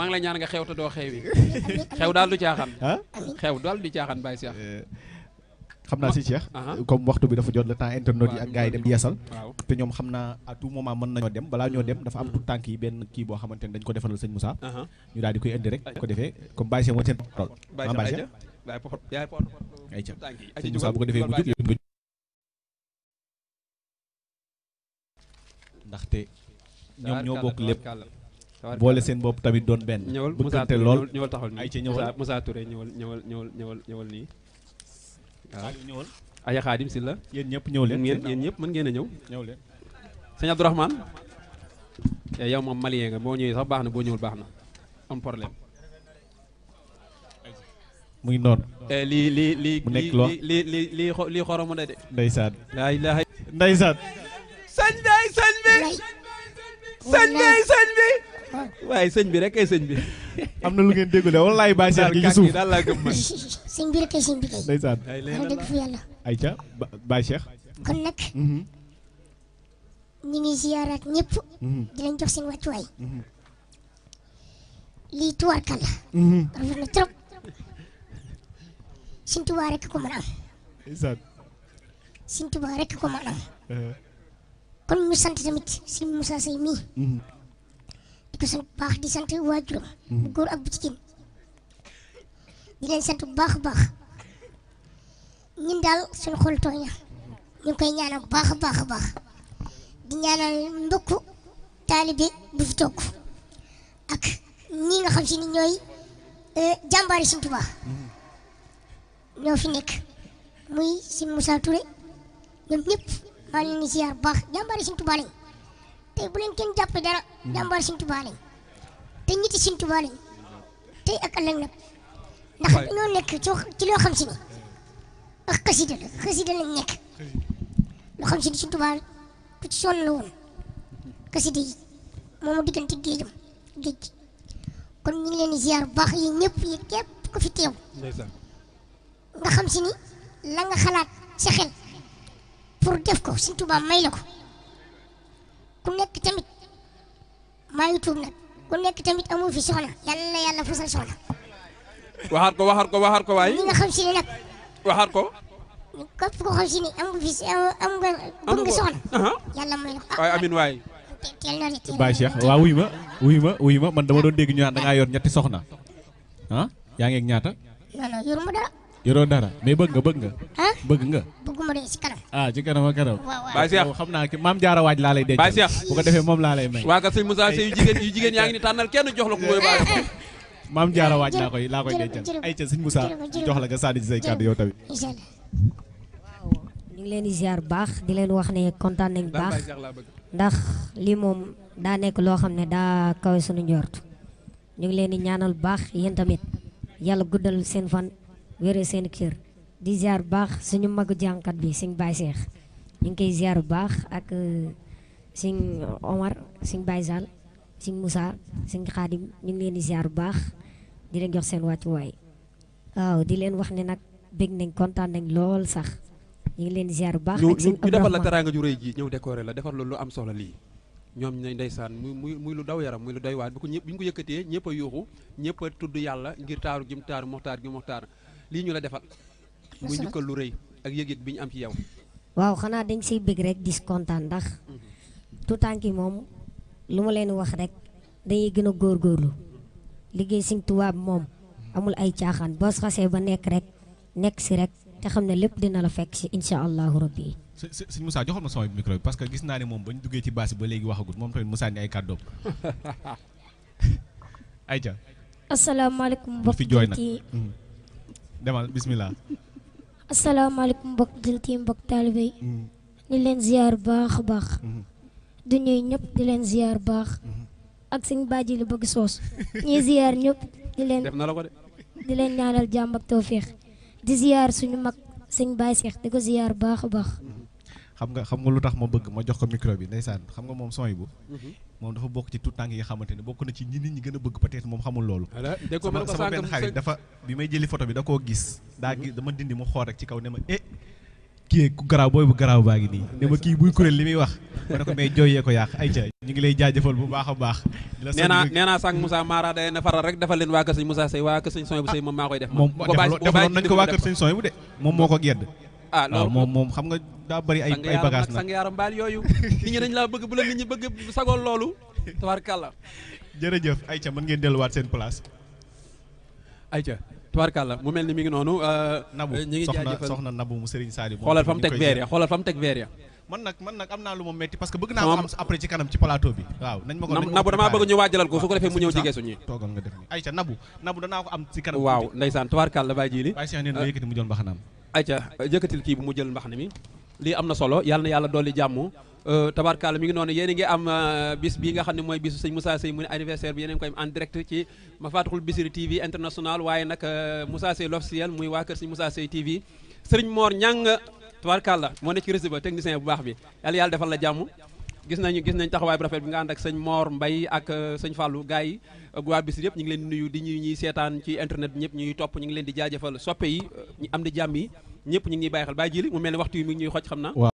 maa ngi lay nga xew te doo xewi xew daal du caaxaan. xew daal du caaxaan Baye Cheikh. Eh, xam naa si Cheikh. comme waxtu bi dafa jot le temps internet yi ak gars yi dem di yeesal. te ñoom xam naa à tout moment mën nañoo dem balaa ñoo dem dafa am hmm. tout tànk yi benn kii boo xamante ne dañ ko defalal sëñ Moussa. ñu daal di koy indi ko defee comme Baye Cheikh mooy seen porte. Baye Cheikh waaw Baye Cheikh. sëñ Moussa bu ko defee mu jóg yéen ndaxte ñoom ñoo bokk boole seen bopp tamit doon benn. ñëwal Moussa Touré lool ñëwal taxawal nii ay ci ñëwal Moussa Touré ñëwal ñëwal ñëwal ñëwal nii. waaw ñëwal. Aya Xaadim si la. yéen ñëpp ñëw leen ngeen a ñëw. ñëw leen sëñ Abdourahmane. Eh, yow moom malien nga boo ñëwee sax baax na boo ñëwul baax na am problème. muy noonu. Eh, lii lii lii mu nekk loo lii lii lii na de. ndeysaan. laa ilaaha ndeysaan. sëñ bi sëñ bi waaye sëñ bi rek kay sëñ bi. am na lu ngeen déggule de walaay baa Cheikh gi ci suuf daal laa gëm mhm. ñu ngi ziyaaraat ñëpp. Mhm. jox seen wàccuwaay. Mhm. lii tuwaarkal la. rafet na trop. sëñ Tuubaa rek ko mën am. ndeysaan. sëñ Tuubaa ko mën am. Eh. kon ñu sant tamit sëñ Moussa Seye mii. di sant sant waajuram bu góor ak bu jigéen di leen sant bu baax a baax ñun daal suñu xol tooy na koy ñaanal bu baax baax a baax di ñaanal mbokku taalibe bu fi toog ak ñi nga xam si ni ñooy euh, jàmbaari Sëñ Tuubaa ñoo fi nekk muy si Moussa ñoom ñëpp maa ngi leen bu baax jàmbaari Sëñ Tuubaa tey bu leen kenn jàppee dara hmm. jàmbaar Sëñ Tuubaa te ñitti Sëñ Tuubaa tey ak ëllëg nag ndax ñoo nekk ci loo xam si ni ak xasida la xasida lañ nekk loo xam si ni Sëñ ku ci sonn la woon xasida yi moomu diggante géejam géej kon ñu leen di baax yi ñëpp yi képp ku fi teew nga xam si ni la nga xalaat sa xel pour def ko Sëñ Tuubaa may la ko ku nekk tamit ma ngi tuub nag ku nek tamit amoo fi soxna yalla yalla fusal soxna. waxar ko waxar ko waxar ko way ñi nga xam ci ni nak waxar ko. ko ko xam ci ni am fi am nga bëgg soxna. yalla may la way amin way bay Cheikh wa wuy ma wuy ma wuy ma man dama doon deg ñu naan da nga yor ñetti soxna ah yaa ngeeg ñaata. non non yoruma dara. yoro dara mais bëgg nga bëgg nga. ah bëgg nga. bëgguma de ci kanam. ah ci kanam ak kanam. Baye Cheikh xam naa ki maam jaara waaj laa lay ko defee moom laa lay may. waa ka sëñ Moussa Seye yu jigéen waaj laa koy laa koy dencal ay ca sëñ Moussa jox la nga sànni ci say kàddu yow tamit. ñu ngi leen di ziar baax di leen wax ne kontaan nañ baax ndax lii moom daa nekk loo xam ne daa kawe suñu njort ñu ngi leen di ñaanal baax yéen tamit yàlla guddal seen fan wéree seen kër. di ziar bax suñu magu jankat bi sing bay cheikh ñu ngi koy ziar bax ak sing omar sing bay zal sing musa sing khadim ñu ngi leen di ziar bax di leen jox seen wàccu way waaw di leen wax ne nak begg nañ contane nañ lool sax ñu ngi leen di ziar bax ak sing ñu defal la teranga ju reey ji ñew décorer la defal lu am solo li ñom ñay ndeysaan muy muy muy lu daw yaram muy lu doy waat bu ko ñepp bu ñu ko yëkkatee ñëpp yuxu ñepp ñëpp a tudd ngir taaru gi mu taaru moxtaar gi moxtaar lii ñu la defal muy njukkal lu rëy ak yëg-yëg bi ñu am ci yow. waaw xanaa dañ siy bëgg rek dis kontaan ndax tout tànk yi moom lu ma leen wax rek dañuy gën a góorlu liggéey Sëñ tuwaab moom amul ay caaxaan boo xasee ba nekk rek nekk si rek te xam ne lépp dina la fekk si incha allahu rabbi. sëñ Moussa joxoon ma sama micro bi parce que gis naa ne moom ba ñu duggee ci baas ba léegi waxagut moom tamit Moussa ni ay kàddoom. ayca. asalaamaaleykum mbokk fi jooy nag hmm. demal asalaamaaleykum mbokk jullit yi mbokk taalibe yi mm-hmm. leen ziar baax a baax mm-hmm. du ñuy ñëpp di leen ziar baax mm-hmm. ak sëñ baaji li bëgg soos ñuy ziar ñëpp di leen di leen ñaanal jàmm ak tawféex di ziar suñu mag sëñ baay seex di ko ziar baax a baax xam nga xam nga lu tax ma bëgg ma jox ko micro bi ndeysaan xam nga moom son yi bu mhm. moom dafa bokk ci tout tànk yi nga xamante ne bokk a bëgg peut-être loolu mhm. daa gis dama dindi xool ci kaw ne ma eh kii ku garaaw booy bu garaaw baa ngi li muy wax ma ne ko mais jooyee ko yàq ay ca bu baax a baax nee naa nee naa sànq Moussa Mara koy def moom nañ ko waa kër sëñ bu de moom moo ko gedd ah loolu ah, moom moom xam nga daa bëri ay ay bagage nag sang yaaram baal yooyu nit ñi dañ laa bëgg bu la nit ñi bëgg sagool loolu tabarkàlla jërëjëf ayca mën ngeen delluwaat seen place ayca tubaarkàlla mu mel ni mi ngi noonu euh, nabu euh, ñi ngi soxna soxna nabu mu Serigne Sali ya, xoolal fa mu teg veer ya xoolal fa mu teg veer ya man nag man nag am naa lu ma metti parce que bëgg naa ko am après ci kanam ci plateau bi waaw nañ ma ko nabu damaa bëgg ñu waajalal ko su ko defee mu ñëw jigee suñu toogal nga def ni ayca nabu nabu danaa ko am ci kanam waaw ndeysaan tubaarkàlla bàyyi ji li Cheikh nee na mu joon ba ayca jëkkatil kii bu mu jël mbaxana mi lii am na solo yàlla na yàlla dolli jàmm euh, tabarkaala mi ngi noonu yéen a ngi am euh, bis bi nga xam ne mooy bisu sëñ Moussa mu ne anniversaire bi yéen a ngi koy en direct ci Mafatihul Bichri TV international waaye nag euh, Moussa Seye l'officiel muy waa kër sëñ Moussa Seye TV sëriñ Mor Ñang tabarkaala moo ne ci réseau ba technicien bu baax bi yàlla yàlla defal la jàmm gis nañu gis nañu taxawaay bu rafet bi nga ànd ak sëñ Mor Mbay ak euh, sëñ Fallou gars yi guwaar euh, yëpp ñu ngi leen di nuyu di ñu ñuy seetaan ci internet bi ñëpp ñuy topp ñu ngi leen di jaajëfal soppe yi euh, am di jàmm yi ñëpp ñu ngi ñuy bàyyi xel bàyyi jili mu mel ne waxtu yi mi ngi ñuy xoj xam waa